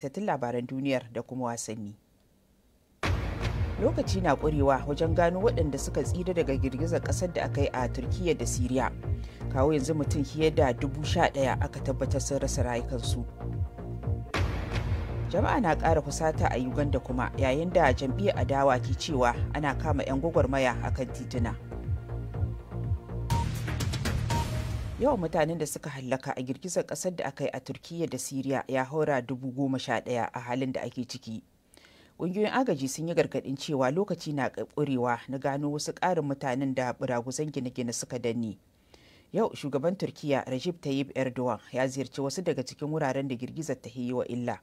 tattun labaran duniyar da kuma wasanni. Lokaci na ƙurewa wajen gano waɗanda suka tsira daga girgizar ƙasar da aka yi a Turkiyya da Siriya. Kawo yanzu mutum fiye da dubu sha ɗaya aka tabbatar sun rasa rayukansu. Jama'a na ƙara kusata a Uganda kuma yayin da jam'iyyar adawa ke cewa ana kama 'yan gwagwarmaya kan tituna. yawan mutanen da suka hallaka a girgizar kasar da aka yi a turkiyya da siriya ya haura dubu goma sha ɗaya a halin da ake ciki ƙungiyoyin agaji sun yi gargaɗin cewa lokaci na ƙurewa na gano wasu ƙarin mutanen da buraguzan gine-gine suka danne yau shugaban turkiyya rajib tayyip erdogan ya ziyarci wasu daga cikin wuraren da girgizar ta yi wa illa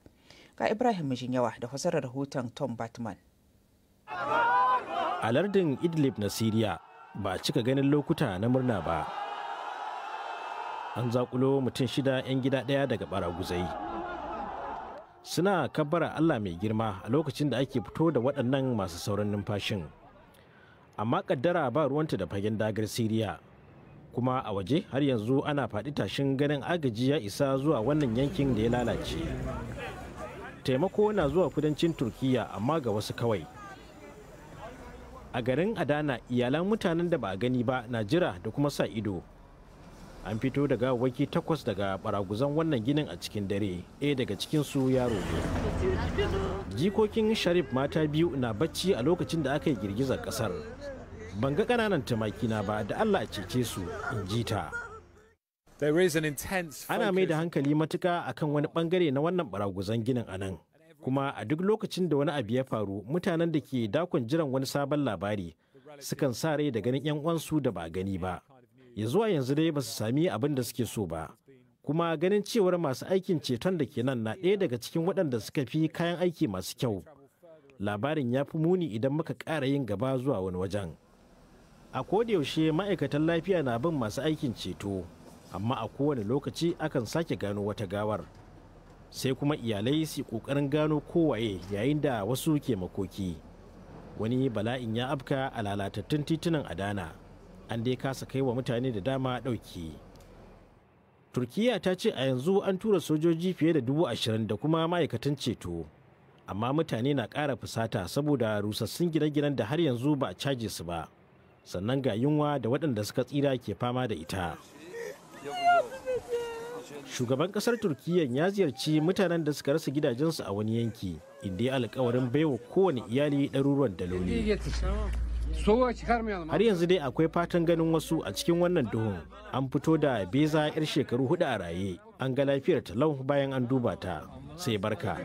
ga ibrahim mijinyawa da fasarar rahoton tom batman a lardin idlib na siriya ba cika ganin lokuta na murna ba an zakulo mutum shida 'yan gida ɗaya daga baraguzai suna kabbara allah mai girma a lokacin da ake fito da waɗannan masu sauran numfashin amma kaddara ba ruwanta da fagen dagar siriya kuma a waje har yanzu ana faɗi tashin ganin agaji ya isa zuwa wannan yankin da ya lalace taimako na zuwa kudancin turkiya amma ga wasu kawai a garin adana iyalan mutanen da ba a gani ba na jira da kuma sa ido an fito daga waki takwas daga baraguzan wannan ginin a cikin dare ɗaya eh, daga cikin su yaro ne jikokin sharif mata biyu na bacci a lokacin da aka yi girgizar ƙasar ban ga ƙananan tumakina ba da allah a cece su in ji ta ana mai da hankali matuka akan wani bangare na wannan baraguzan ginin a nan kuma a duk lokacin da wani abu ya faru mutanen da ke dakon jiran wani sabon labari sukan sa rai da ganin 'yan uwansu da ba gani ba ya zuwa yanzu dai ba su sami abin da suke so ba kuma ganin cewar masu aikin ceton da ke nan na ɗaya daga cikin waɗanda suka fi kayan aiki masu kyau labarin ya fi muni idan muka ƙara yin gaba zuwa wani wajen a yaushe ma'aikatan lafiya na bin masu aikin ceto amma a kowane lokaci akan sake gano wata gawar sai kuma iyalai su ƙoƙarin gano kowaye yayin da wasu ke makoki wani bala'in ya afka a lalatattun titunan adana an dai kasa kai wa mutane da dama ɗauki turkiyya ta ce a yanzu an tura sojoji fiye da dubu ashirin da kuma ma'aikatan ceto amma mutane na ƙara fusata saboda rusassun gine-ginen da har yanzu ba a caje su ba sannan ga yunwa da waɗanda suka tsira ke fama da ita shugaban ƙasar turkiyya ya ziyarci mutanen da suka rasa gidajensu a wani yanki inda ya alkawarin baiwa kowane iyali ɗaruruwan daloli har yanzu dai akwai fatan ganin wasu a cikin wannan duhun an fito da beza yar shekaru hudu a raye an ga lafiyar talau bayan an duba ta sai barka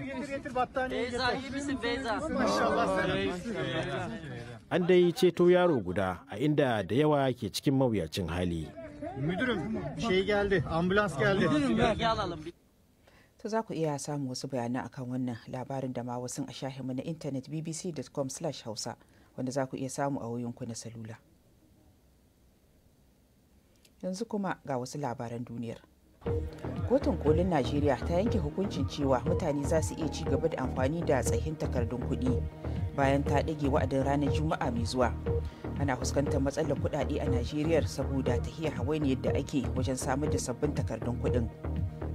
an dai ceto yaro guda a inda da yawa ke cikin mawuyacin hali ta za ku iya samun wasu bayanan akan wannan labarin da ma wasu a shahinmu na intanet bbc.com/hausa. wanda za ku iya samu a wayoyinku na salula yanzu kuma ga wasu labaran duniyar kotun kolin najeriya ta yanke hukuncin cewa mutane za su iya ci gaba da amfani da tsahin takardun kuɗi bayan ta ɗage wa'adin ranar juma'a mai zuwa ana fuskantar matsalar kuɗaɗe a najeriya saboda ta tahiya ne yadda ake wajen samar da sabbin takardun kuɗin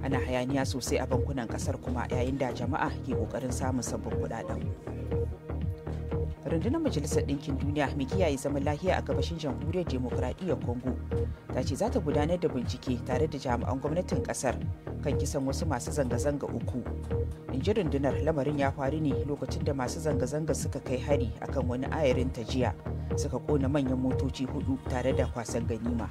ana hayaniya sosai a bankunan ƙasar kuma yayin da jama'a ke ƙoƙarin samun sabbin kuɗaɗen. rundunar majalisar ɗinkin duniya mai kiyaye zaman lahiya a gabashin jamhuriyar demokuraɗiyyar congo ta ce za ta gudanar da bincike tare da jami'an gwamnatin ƙasar kan kisan wasu masu zanga-zanga uku in ji rundunar lamarin ya faru ne lokacin da masu zanga-zanga suka kai hari akan wani ayarin ta jiya suka kona manyan motoci hudu tare da kwasan ganima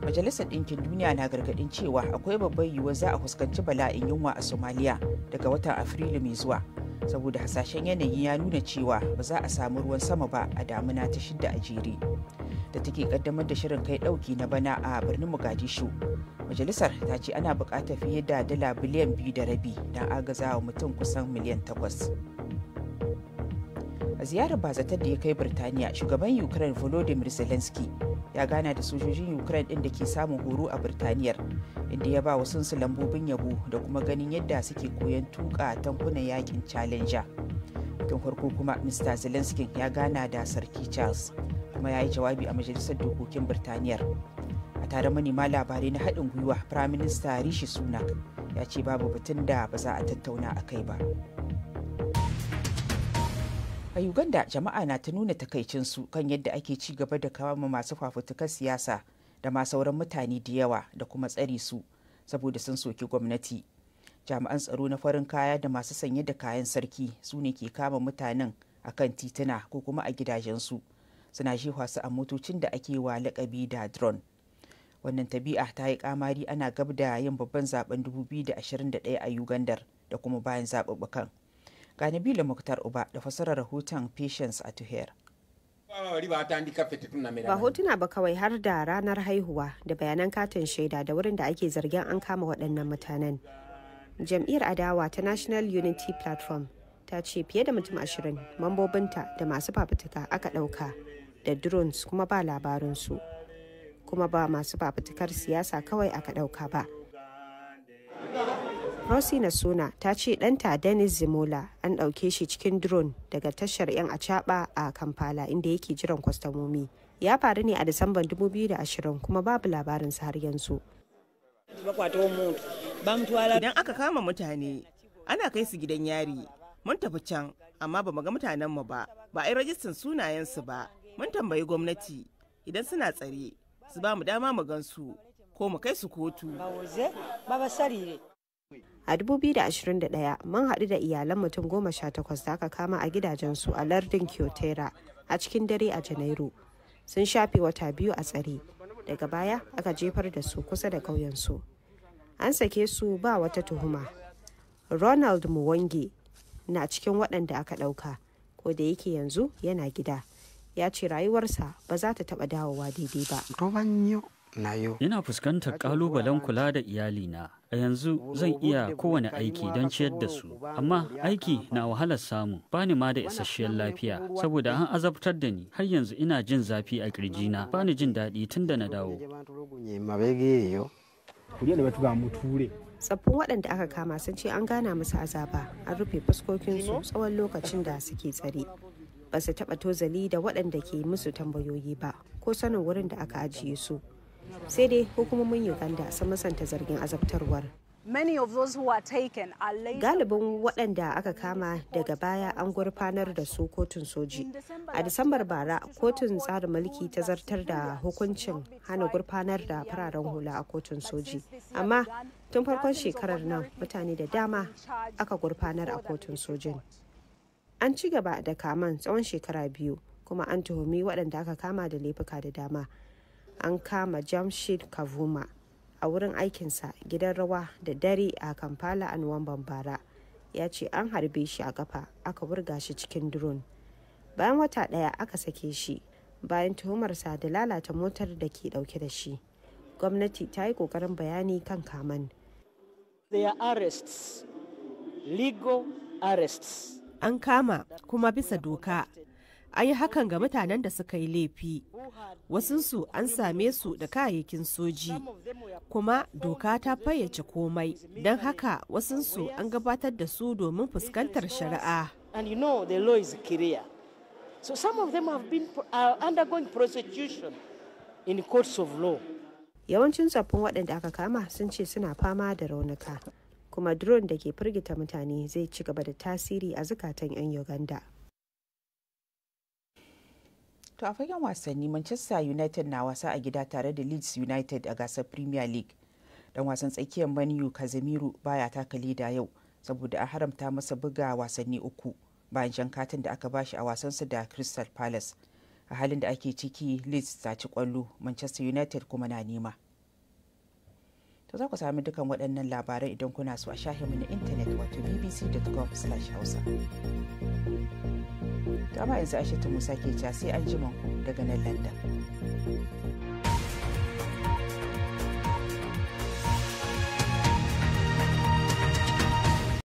majalisar ɗinkin duniya na gargaɗin cewa akwai babbar yiwuwar za a fuskanci bala'in yunwa a Somalia daga watan afrilu mai zuwa saboda hasashen yanayi ya nuna cewa ba za a samu ruwan sama ba a damuna ta shidda a jere da take kaddamar da shirin kai dauki na bana a birnin mogadishu majalisar ta ce ana bukatar fiye da dala biliyan biyu da rabi don wa mutum kusan miliyan takwas a ziyarar bazatar da ya kai birtaniya shugaban ukraine volodymyr zelensky ya gana da sojojin ukraine ɗin da ke samun horo a birtaniyar inda ya ba wa sunsu lambobin yabo da kuma ganin yadda suke koyan tuka tankunan yakin challenger tun farko kuma mr zelenskin ya gana da sarki charles kuma ya yi jawabi a majalisar dokokin birtaniyar a tare manema labarai na haɗin gwiwa firaminista rishi sunak ya ce babu batun da ba za a tattauna a kai ba a uganda jama'a na ta nuna takaicinsu kan yadda ake ci gaba da kama masu fafutukar siyasa da ma sauran mutane da yawa da kuma tsare su saboda sun soki gwamnati jami'an tsaro na farin kaya da masu sanye da kayan sarki su ne ke kama mutanen a kan tituna ko kuma a gidajensu suna jefa su a motocin da ake wa lakabi da drone wannan tabi'a ta yi kamari ana gab da yin babban zaben 2021 a ugandar da kuma bayan zaɓuɓɓukan Gani Bello Muktar Uba da fasarar rahoton Patience a Tuher. Ba hotuna ba kawai har da ranar haihuwa da bayanan katin shaida da wurin da ake zargin an kama waɗannan mutanen. Jam'iyyar adawa ta National Unity Platform ta ce fiye da mutum ashirin mambobinta da masu fafutuka aka ɗauka da drones kuma ba labarinsu. Kuma ba masu fafutukar siyasa kawai aka ɗauka ba. na Suna ta ce ɗanta Dennis Zimola an ɗauke shi cikin drone daga tashar 'yan acaɓa a Kampala inda yake jiran kwastamomi. Ya faru ne a Disamban 2020 kuma babu labarinsa har yanzu. Idan aka kama mutane, ana kai su gidan yari. Mun tafi can, amma ba mu ga mu ba, ba a yi rajistan sunayensu ba. Mun tambayi gwamnati idan suna tsare, su ba mu dama mu gansu ko mu kai su kotu. a 2021 mun haɗu da iyalan mutum goma sha takwas da aka kama a gidajen su a lardin kyotera a cikin dare a janairu sun shafe wata biyu a tsare daga baya aka jefar da su kusa da ƙauyensu an sake su ba wata tuhuma ronald muwangi na cikin waɗanda aka ɗauka ko da yake yanzu yana gida ya ce rayuwarsa ba za ta taɓa dawowa daidai ba Ina fuskantar kalubalen kula da iyali na A yanzu zan iya kowane aiki don ciyar da su, amma aiki na wahalar samu, bani ma da isasshiyar lafiya, saboda an azabtar da ni har yanzu ina jin zafi a ba ni jin daɗi tun da na dawo. tsaffin waɗanda aka kama sun ce an gana musu azaba an rufe fuskokinsu tsawon lokacin da suke tsare ba su taɓa tozali da waɗanda ke musu tambayoyi ba ko sanin wurin da aka ajiye su sai dai hukumomin uganda sun musanta zargin azabtarwar galibin waɗanda aka kama daga baya an gurfanar da su kotun soji a disambar bara kotun tsarin mulki ta zartar da hukuncin hana gurfanar da fararen hula a kotun soji amma tun farkon shekarar nan mutane da dama aka gurfanar a kotun sojin an ci gaba da kaman tsawon shekara biyu kuma an tuhumi waɗanda aka kama da laifuka da dama an kama jamshid kavuma a wurin aikinsa gidan rawa da dare a kampala a nuwamban bara ya ce an harbe shi a kafa aka wurga shi cikin drone bayan wata daya aka sake shi bayan tuhumarsa da lalata motar da ke ɗauke da shi gwamnati ta yi kokarin bayani kan kaman an kama kuma bisa doka an yi hakan ga mutanen da suka yi laifi wasunsu an same su da kayayyakin soji kuma doka ta fayyace komai don haka wasunsu an gabatar da su domin fuskantar shari'a Yawancin tsoffin waɗanda aka kama sun ce suna fama da raunuka, kuma drone da ke firgita mutane zai ci gaba da tasiri a zukatan 'yan Uganda. To a fagen wasanni Manchester United na wasa a gida tare da Leeds United a gasar Premier League. Dan wasan tsakiyar Manu kazamiru baya taka leda yau saboda a haramta masa buga wasanni uku bayan jan katin da aka bashi a wasansa da Crystal Palace. A halin da ake ciki Leeds ta ci kwallo Manchester United kuma na nema. To za ku sami dukan waɗannan labarai idan kuna so a shahinmu na intanet wato bbc.com/hausa. ta ba yanzu aisha musa ke ca sai an jima daga nan london